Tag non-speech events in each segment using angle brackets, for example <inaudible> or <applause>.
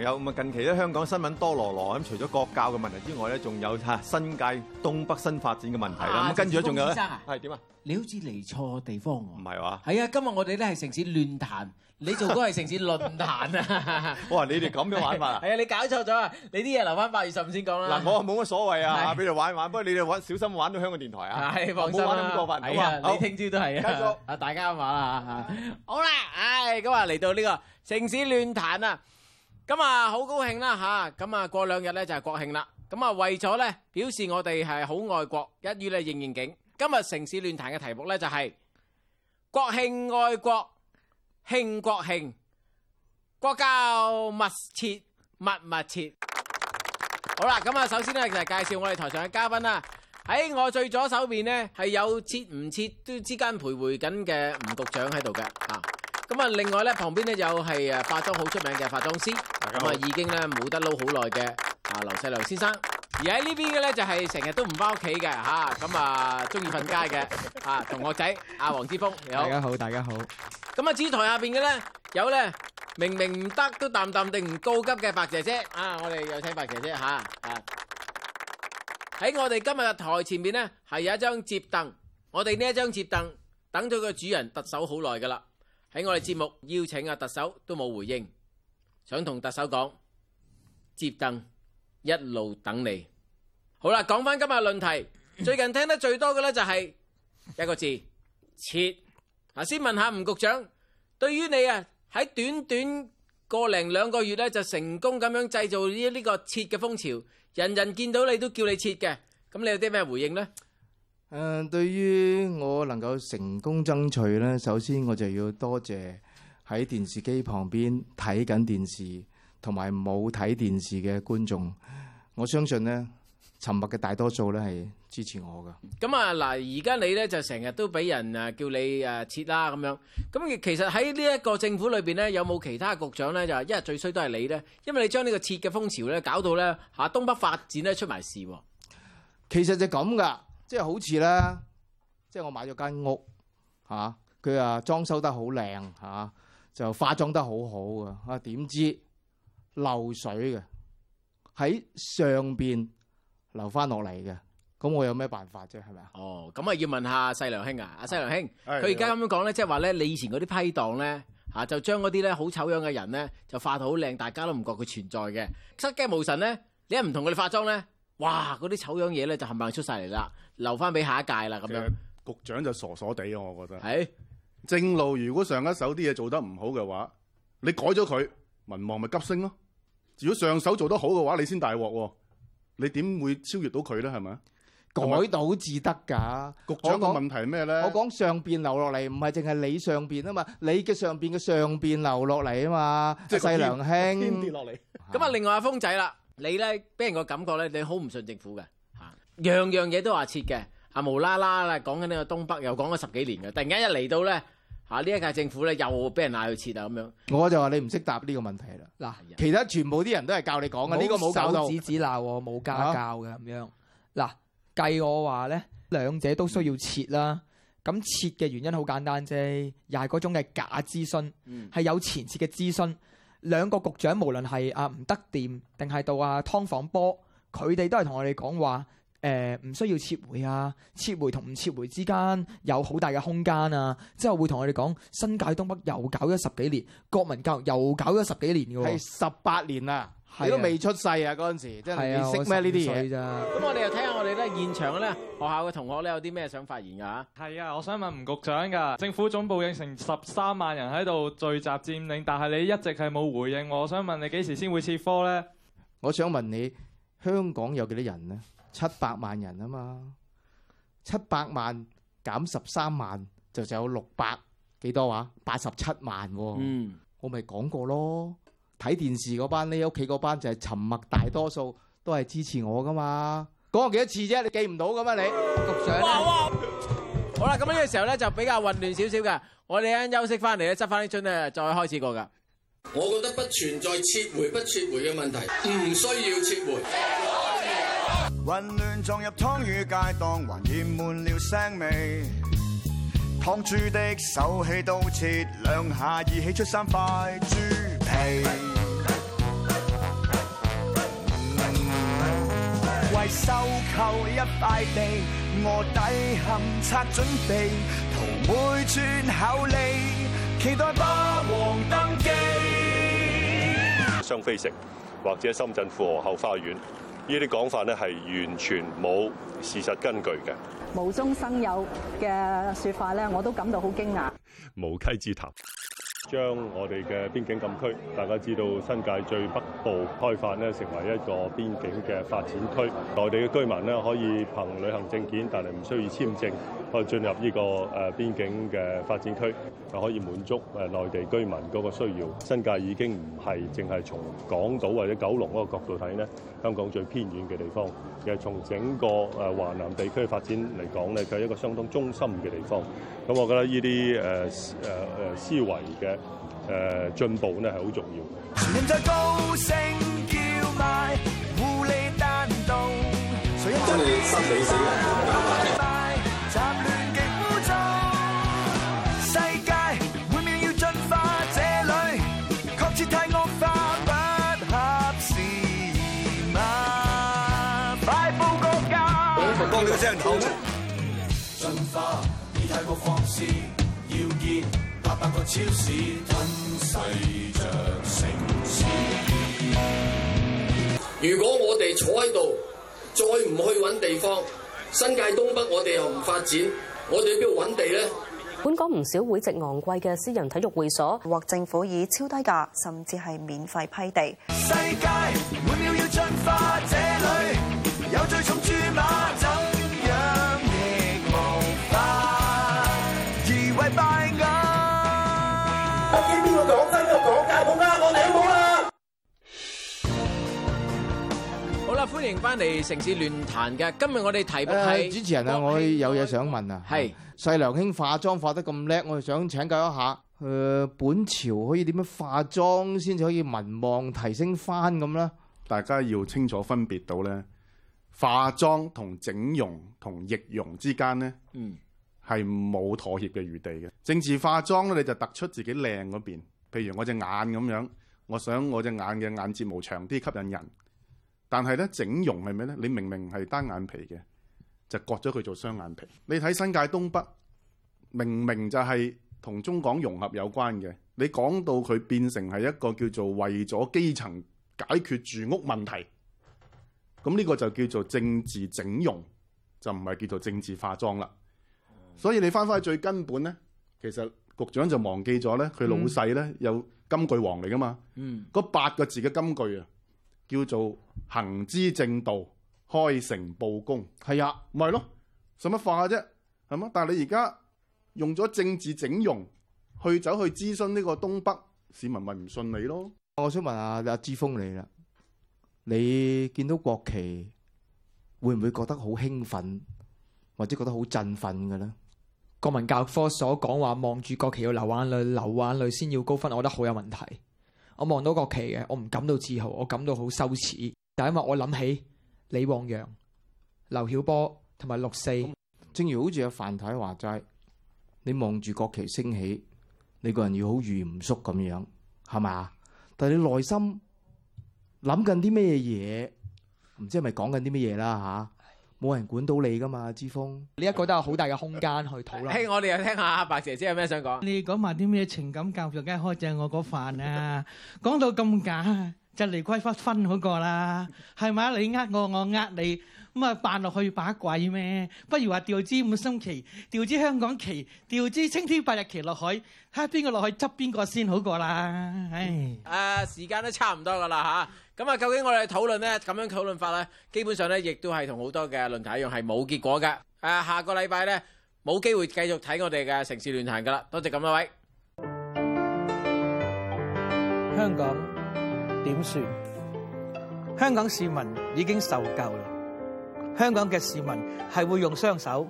朋友咁啊！近期咧香港新聞多羅羅咁，除咗國教嘅問題之外咧，仲有嚇新界東北新發展嘅問題啦。咁跟住仲有咧，係點啊？你好似嚟錯地方唔係嘛？係啊！今日我哋咧係城市亂彈，你做都係城市論壇啊！哇！你哋咁嘅玩法啊！係啊！你搞錯咗啊！你啲嘢留翻八月十五先講啦。嗱，我冇乜所謂啊！俾你玩一玩，不過你哋玩小心玩到香港電台啊！係，放心啦。你聽朝都係啊！啊！大家玩啊！好啦，唉，咁啊嚟到呢個城市亂彈啊！咁啊，好高興啦吓！咁啊，過兩日呢就係國慶啦。咁啊，為咗呢表示我哋係好愛國，一於呢認認景。今日城市論壇嘅題目呢就係國慶愛國，慶國慶，國教密切，密密切。好啦，咁啊，首先呢就係介紹我哋台上嘅嘉賓啦。喺我最左手邊呢係有切唔切都之間徘徊緊嘅吳局長喺度嘅啊。咁啊！另外咧，旁邊咧就係誒化妝好出名嘅化妝師，咁啊已經咧冇得撈好耐嘅啊劉細良先生。而喺呢邊嘅咧就係成日都唔翻屋企嘅吓，咁啊中意瞓街嘅啊同學仔啊黃之鋒。你好。大家好，大家好。咁啊，至於台下邊嘅咧有咧明明唔得都淡淡定唔告急嘅白遮遮啊！我哋有請白遮遮吓啊！喺我哋今日嘅台前面咧係有一張折凳，我哋呢一張折凳等咗個主人特首好耐噶啦。喺我哋節目邀請阿特首都冇回應，想同特首講接凳，一路等你。好啦，講翻今日論題，最近聽得最多嘅呢就係一個字，撤。啊，先問下吳局長，對於你啊喺短短個零兩個月呢就成功咁樣製造呢呢個撤嘅風潮，人人見到你都叫你撤嘅，咁你有啲咩回應呢？誒，對於我能夠成功爭取咧，首先我就要多謝喺電視機旁邊睇緊電視同埋冇睇電視嘅觀眾。我相信咧，沉默嘅大多數咧係支持我噶。咁啊，嗱，而家你咧就成日都俾人誒叫你誒撤啦咁樣。咁其實喺呢一個政府裏邊咧，有冇其他局長咧就係一日最衰都係你咧？因為你將呢個撤嘅風潮咧搞到咧吓東北發展咧出埋事。其實就咁噶。即係好似咧，即係我買咗間屋嚇，佢啊裝修得好靚嚇，就化妝得好好嘅。啊點知漏水嘅，喺上邊流翻落嚟嘅，咁我有咩辦法啫？係咪啊？哦，咁啊要問下細良兄啊，阿細良兄，佢而家咁樣講咧，即係話咧，你以前嗰啲批檔咧嚇，就將嗰啲咧好醜樣嘅人咧，就化到好靚，大家都唔覺佢存在嘅，失驚無神咧，你又唔同佢哋化妝咧？哇！嗰啲醜樣嘢咧就冚唪唥出曬嚟啦，留翻俾下一屆啦咁樣。局長就傻傻地咯，我覺得。係正路，如果上一手啲嘢做得唔好嘅話，你改咗佢，民望咪急升咯。如果上手做得好嘅話，你先大鑊喎。你點會超越到佢咧？係咪啊？改到至得㗎。局長個問題係咩咧？我講上邊流落嚟，唔係淨係你上邊啊嘛，你嘅上邊嘅上邊流落嚟啊嘛，即係細良兄。天跌落嚟。咁啊，另外阿鋒仔啦。你咧俾人個感覺咧，你好唔信政府嘅，嚇、啊、樣樣嘢都話切嘅，嚇、啊、無啦啦啦講緊呢個東北又講咗十幾年嘅，突然間一嚟到咧，嚇、啊、呢一屆政府咧又俾人嗌去切啊咁樣，我就話你唔識答呢個問題啦。嗱、啊，其他全部啲人都係教你講嘅，呢、嗯、個冇教到。手指指鬧我，冇家教嘅咁、啊、樣。嗱、啊，計我話咧，兩者都需要切啦。咁切嘅原因好簡單啫，又係嗰種嘅假諮詢，係有前設嘅諮詢。兩個局長，無論係阿吳得掂定係到阿劏房波，佢哋都係同我哋講話，誒、呃、唔需要撤回啊，撤回同唔撤回之間有好大嘅空間啊。之後會同我哋講，新界東北又搞咗十幾年，國民教育又搞咗十幾年嘅喎，係十八年啊！你都未出世啊！嗰陣時，即係、啊、你識咩呢啲嘢？咁我哋又睇下我哋咧現場咧學校嘅同學咧有啲咩想發言噶吓、啊？係啊，我想問吳局長噶，政府總部應承十三萬人喺度聚集佔領，但係你一直係冇回應我，我想問你幾時先會撤科呢？我想問你，香港有幾多人咧？七百萬人啊嘛，七百萬減十三萬就就有六百幾多話、啊，八十七萬、啊。嗯，我咪講過咯。睇電視嗰班，你屋企嗰班就係沉默，大多數都係支持我㗎嘛。講過幾多次啫、啊，你記唔到咁啊你？局長好，好啦、啊，咁呢個時候咧就比較混亂少少嘅，我哋啱休息翻嚟咧執翻啲樽咧再開始過㗎。我覺得不存在撤回不撤回嘅問題，唔需要撤回。混亂撞入劏魚街檔，還染滿了腥味。劏豬的手起刀切兩下，已起出三塊豬。雙飛城或者深圳富豪後花園，呢啲講法咧係完全冇事實根據嘅，無中生有嘅說法咧，我都感到好驚訝，無稽之談。將我哋嘅邊境禁區，大家知道新界最北部開發咧，成為一個邊境嘅發展區。內地嘅居民咧，可以憑旅行證件，但係唔需要簽證，可以進入呢個誒邊境嘅發展區，就可以滿足誒內地居民嗰個需要。新界已經唔係淨係從港島或者九龍嗰個角度睇咧，香港最偏遠嘅地方，其實從整個華南地區發展嚟講咧，佢係一個相當中心嘅地方。咁我覺得呢啲誒誒誒思維嘅誒進步咧係好重要嘅。如果我哋坐喺度，再唔去搵地方，新界東北我哋又唔發展，我哋喺邊度搵地呢？本港唔少會籍昂貴嘅私人體育會所，獲政府以超低價甚至係免費批地。世界每秒要進化者歡迎翻嚟城市亂彈嘅，今日我哋題目係、呃、主持人啊，我有嘢想問啊。係細良兄化妝化得咁叻，我哋想請教一下，誒、呃，本朝可以點樣化妝先至可以民望提升翻咁咧？大家要清楚分別到咧，化妝同整容同易容之間咧，嗯，係冇妥協嘅餘地嘅。政治化妝咧，你就突出自己靚嗰邊，譬如我隻眼咁樣，我想我隻眼嘅眼睫毛長啲，吸引人。但係咧，整容係咩咧？你明明係單眼皮嘅，就割咗佢做雙眼皮。你睇新界東北，明明就係同中港融合有關嘅。你講到佢變成係一個叫做為咗基層解決住屋問題，咁呢個就叫做政治整容，就唔係叫做政治化妝啦。所以你翻翻去最根本咧，其實局長就忘記咗咧，佢老細咧有金句王嚟㗎嘛。嗯，嗰八個字嘅金句啊。叫做行之正道，開誠佈公，係啊，咪咯，使乜化啫，係嗎？但係你而家用咗政治整容去走去諮詢呢個東北市民，咪唔信你咯？我想問下阿之鋒你啦，你見到國旗會唔會覺得好興奮，或者覺得好振奮嘅咧？國民教育科所講話望住國旗要流眼淚，流眼淚先要高分，我覺得好有問題。我望到國旗嘅，我唔感到自豪，我感到好羞恥。但係因為我諗起李旺陽、劉曉波同埋六四，正如好似阿范太話齋，你望住國旗升起，你個人要好嚴肅咁樣，係嘛？但係你內心諗緊啲咩嘢？唔知係咪講緊啲咩嘢啦吓？冇人管到你㗎嘛，之鋒呢一個都有好大嘅空間去討論。嘿，hey, 我哋又聽下阿白姐姐有咩想講。你講埋啲咩情感教育梗係開正我嗰份啊？講 <laughs> 到咁假，就嚟歸不分嗰個啦，係咪？你呃我，我呃你。咁啊，扮落去把鬼咩？不如話調支五星旗，調支香港旗，調支青天白日旗落海，睇下邊個落去執邊個先好過啦！唉，誒、呃，時間都差唔多噶啦吓，咁啊，究竟我哋討論呢？咁樣討論法咧，基本上咧亦都係同好多嘅論壇一樣係冇結果噶。誒、呃，下個禮拜咧冇機會繼續睇我哋嘅城市論壇噶啦，多謝咁多位。香港點算？香港市民已經受夠啦。香港嘅市民係會用雙手，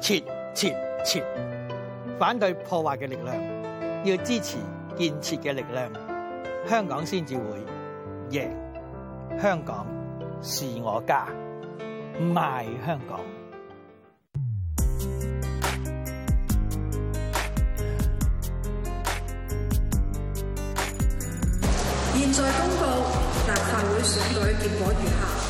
切切切，反對破壞嘅力量，要支持建設嘅力量，香港先至會贏。香港是我家，賣香港。現在公布立法會選舉結果如下。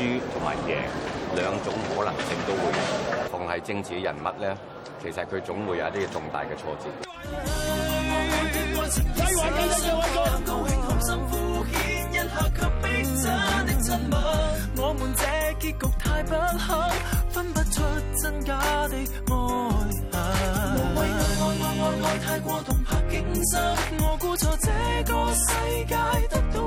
輸同埋贏兩種可能性都會，同係政治人物咧，其實佢總會有啲重大嘅挫折。睇完依家嘅嗰個。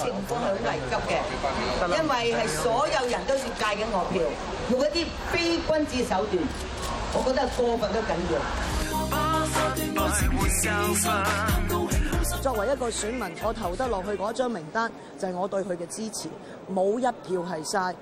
情況係好危急嘅，吧因為係所有人都要戒緊我票，用一啲非君子手段，我覺得過分都緊要。作為一個選民，我投得落去嗰一張名單，就係、是、我對佢嘅支持，冇一票係嘥。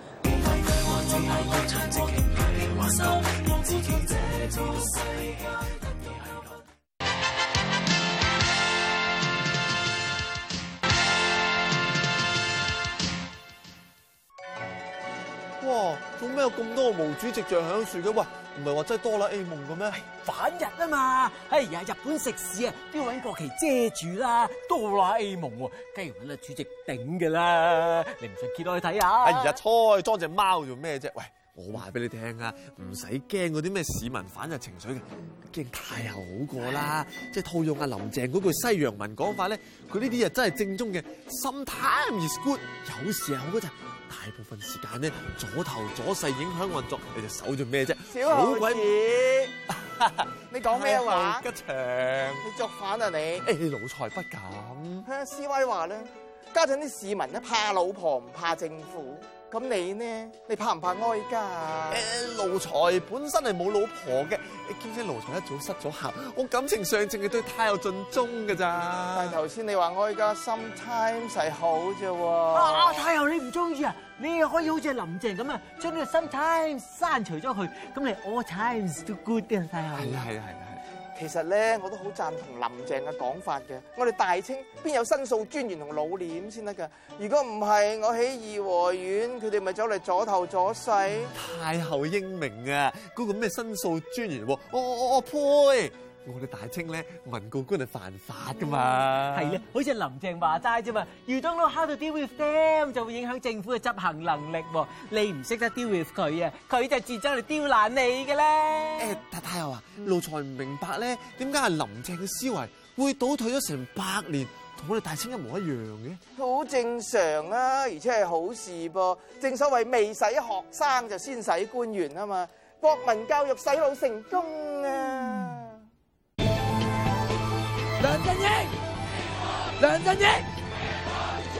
做咩有咁多的毛主席像喺樹嘅？喂，唔係話真係哆啦 A 夢嘅咩？反日啊嘛！哎呀，日本食肆啊！都要揾國旗遮住啦！哆啦 A 夢喎，梗係揾阿主席頂嘅啦！你唔信看看，啊，揭落去睇下。哎呀，初裝隻貓做咩啫？喂，我話俾你聽啊，唔使驚嗰啲咩市民反日情緒嘅，驚太后好過啦。 <laughs> 即係套用阿林鄭嗰句西洋文講法咧，佢呢啲嘢真係正宗嘅。Sometimes is good，有時候是好嘅。大部分時間咧，左頭左勢影響運作。你隻手做咩啫？小鬼子，你講咩話？ <laughs> 吉祥，你作反啊你！哎，奴才不敢。施威話呢，家陣啲市民咧，怕老婆唔怕政府。咁你呢？你怕唔怕哀家？誒、欸，奴才本身係冇老婆嘅，兼且奴才一早失咗客，我感情上淨係對太后盡忠㗎咋。但係頭先你話哀家 sometimes 係好啫。喎、啊。啊，太后你唔中意啊？你又可以好似林鄭咁啊，將呢個 sometimes 刪除咗佢，咁你 all times 都 good 嘅太后。係係係。其實呢，我都好贊同林鄭嘅講法嘅。我哋大清邊有申訴專員同老臉先得噶？如果唔係，我喺頤和園，佢哋咪走嚟左頭左勢、嗯。太后英明啊！嗰、那個咩申訴專員，我我我我呸。我哋大清咧，民告官係犯法噶嘛吧？係啊，好似林鄭話齋啫嘛。You don't know how to deal with them，就會影響政府嘅執行能力喎。你唔識得 deal with 佢啊，佢就自將嚟刁難你嘅咧。誒、欸，太太又話：奴才唔明白咧，點解係林鄭嘅思維會倒退咗成百年，同我哋大清一模一樣嘅？好正常啊，而且係好事噃、啊。正所謂未洗學生就先洗官員啊嘛，國民教育洗腦成功啊！嗯梁振英，梁振英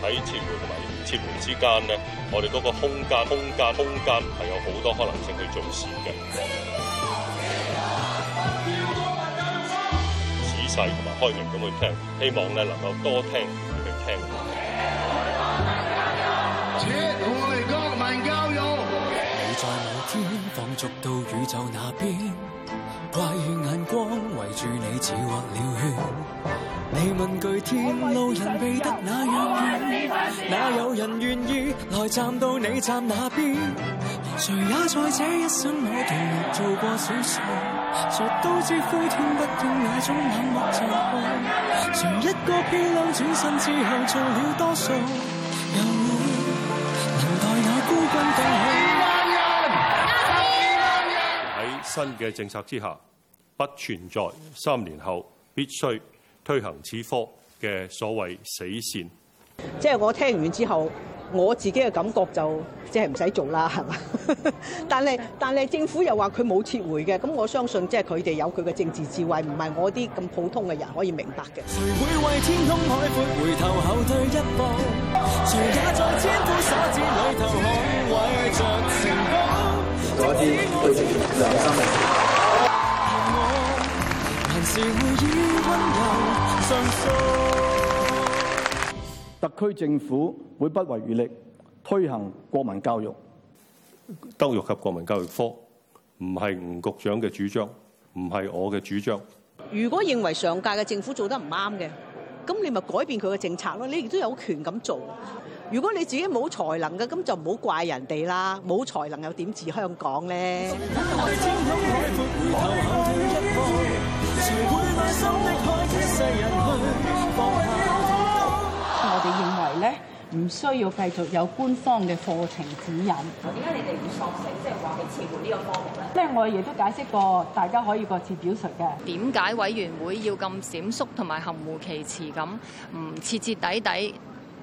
喺切門同埋切門之間咧，我哋嗰個空間、空間、空間係有好多可能性去做事嘅。仔細同埋開明咁去聽，希望咧能夠多聽去聽。在某天放逐到宇宙那邊，怪異眼光圍住你，似畫了圈。你問句天，路人避得那樣遠，哪有人願意來站到你站那邊？誰也在這一生，我同樣做過傻事，誰都知灰天不碰那種冷漠殘酷。從一個漂亮轉身之後，做了多數。新嘅政策之下，不存在三年後必須推行此科嘅所謂死線，即係我聽完之後，我自己嘅感覺就即係唔使做啦，係嘛？ <laughs> 但係但係政府又話佢冇撤回嘅，咁我相信即係佢哋有佢嘅政治智慧，唔係我啲咁普通嘅人可以明白嘅。誰會為天空海闊回頭後退一步，全家在千夫所指裡頭捍衛着。做一啲對自己良心。特區政府會不遺餘力推行國民教育、德育及國民教育科，唔係吳局長嘅主張，唔係我嘅主張。如果認為上屆嘅政府做得唔啱嘅，咁你咪改變佢嘅政策咯，你亦都有權咁做。如果你自己冇才能嘅，咁就唔好怪人哋啦。冇才能又點治香港咧？我哋認為咧，唔需要繼續有官方嘅課程指引。點解你哋唔索性，即係話俾撤回呢個科目咧？即係我亦都解釋過，大家可以各自表述嘅。點解委員會要咁閃縮同埋含糊其辭咁，唔徹徹底底？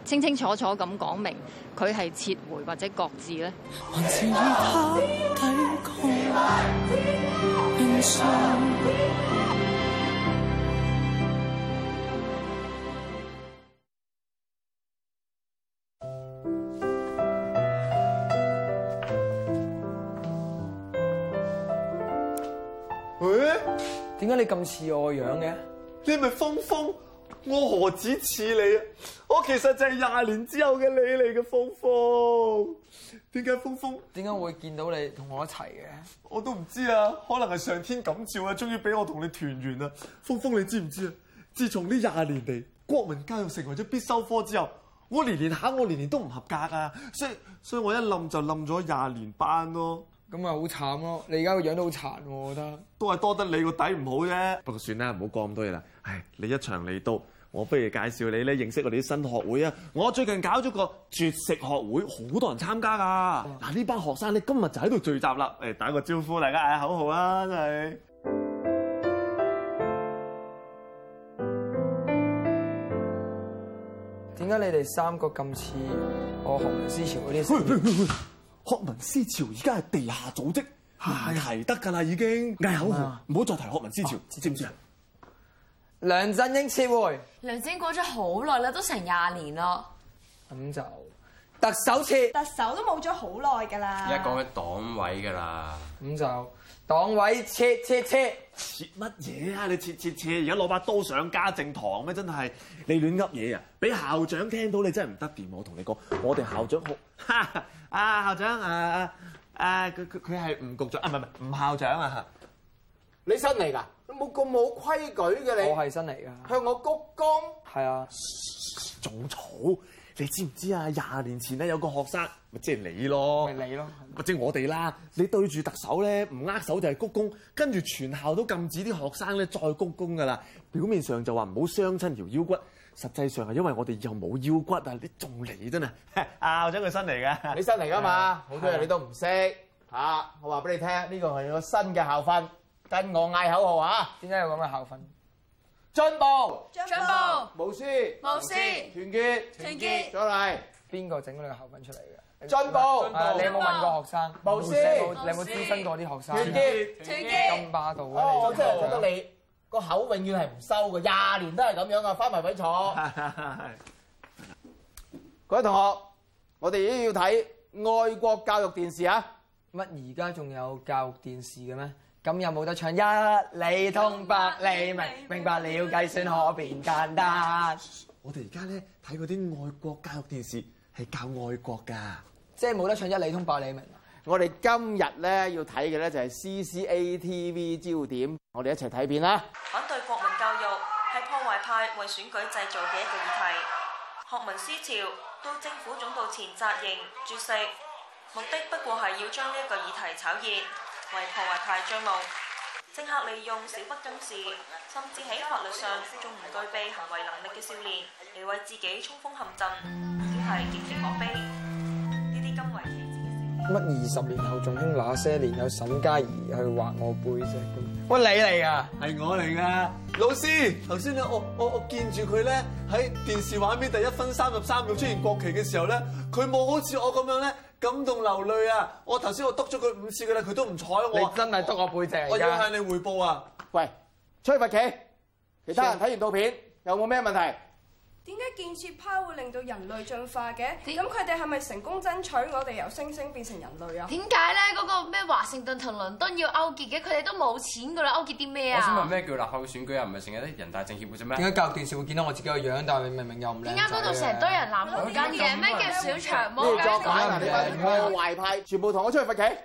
清清楚楚咁講明，佢係撤回或者擱置咧。喂？點解你咁似我樣嘅？你係咪瘋瘋！我何止似你啊！我其實就係廿年之後嘅你嚟嘅，鋒鋒點解鋒鋒？點解會見到你同我一齊嘅？我都唔知啊，可能係上天感召啊，終於俾我同你團圓啊！鋒鋒，你知唔知啊？自從呢廿年嚟國民教育成為咗必修科之後，我年年考，我年年都唔合格啊，所以所以我一冧就冧咗廿年班咯。咁咪好慘咯！你而家個樣都好殘喎，我覺得。都係多得你個底唔好啫。不過算啦，唔好講咁多嘢啦。唉，你一場嚟到，我不如介紹你咧認識我哋啲新學會啊！我最近搞咗個絕食學會，好多人參加噶。嗱、嗯，呢、啊、班學生咧今日就喺度聚集啦。誒，打個招呼，大家嗌口號啦、啊，真、就、係、是。點解你哋三個咁似我學民思潮嗰啲？學民思潮而家係地下組織，唔係提得㗎啦，已經。嗌、嗯、口唔好麼再提學民思潮，哦、知唔知啊？梁振英撤會，梁振英過咗好耐啦，都成廿年咯。咁就特首撤，特首都冇咗好耐㗎啦。而家講緊黨委㗎啦。咁就黨委撤撤撤，撤乜嘢啊？你撤撤撤，而家攞把刀上家政堂咩？真係你亂噏嘢啊！俾校長聽到你真係唔得掂，我同你講，我哋校長好。 <laughs> 啊，校長啊啊！佢佢佢係吳局長啊，唔係唔係吳校長啊！你新嚟噶，冇咁冇規矩嘅你。我係新嚟噶，向我鞠躬。係啊，種草你知唔知啊？廿年前咧有個學生，咪即係你咯，咪你咯，咪即係我哋啦。你對住特首咧唔握手就係鞠躬，跟住全校都禁止啲學生咧再鞠躬噶啦。表面上就話唔好傷親條腰骨。實際上係因為我哋又冇腰骨啊，你仲嚟真係拗咗個新嚟嘅。你新嚟噶嘛？好多嘢你都唔識嚇。我話俾你聽，呢個係個新嘅校訓，跟我嗌口號嚇。點解有咁嘅校訓？進步，進步，無私，無私，團結，團結，再嚟。邊個整咗個校訓出嚟嘅？進步，你有冇問過學生？無私，你有冇諮詢過啲學生？團結，團結。咁霸道，我真係覺得你。個口永遠係唔收嘅，廿年都係咁樣啊！翻埋位坐。各位同學，我哋一定要睇愛國教育電視啊！乜而家仲有教育電視嘅咩？咁又冇得唱一理通百理明，明白了計算可變簡單。我哋而家咧睇嗰啲愛國教育電視係教愛國噶，即係冇得唱一理通百理明。我哋今日咧要睇嘅咧就係 CCTV 焦點，我哋一齊睇片啦。反對國民教育係破壞派為選舉製造嘅一個議題，學民思潮到政府總部前責認絕食，目的不過係要將呢一個議題炒熱，為破壞派助忙。政客利用小不更事，甚至喺法律上仲唔具備行為能力嘅少年嚟為自己衝鋒陷陣，只係極其可悲。乜二十年後仲興那些年有沈嘉怡去畫我背脊？喂，你嚟㗎，係我嚟㗎。老師，頭先咧，我我我見住佢咧喺電視畫面第一分三十三秒出現國旗嘅時候咧，佢冇好似我咁樣咧感動流淚啊！我頭先我篤咗佢五次㗎啦，佢都唔睬我。你真係篤我背脊，我，在我要向你彙報啊！喂，出去罰企！其他人睇完套片全有冇咩問題？點解建設派會令到人類進化嘅？咁佢哋係咪成功爭取我哋由星星變成人類啊？點解咧？嗰、嗰個咩華盛頓同倫敦要勾結嘅？佢哋都冇錢噶啦，勾結啲咩啊？我想問咩叫立法會選舉啊？唔係成日啲人大政協會做咩？點解教育電視會見到我自己個樣子？但係明明又唔靚仔？點解嗰度成堆人濫好啲嘅？咩叫小長毛？咩作假？嗱，你班壞派全部同我出去罰企。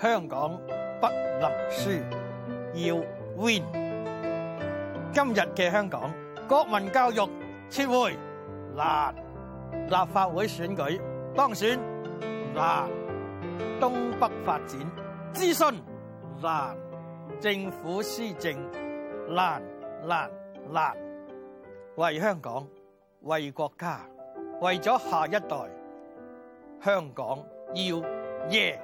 香港不能輸，要 Win。今日嘅香港國民教育撤回嗱，立法會選舉當選嗱，東北發展諮詢嗱，政府施政嗱嗱嗱，為香港，為國家，為咗下一代，香港要贏。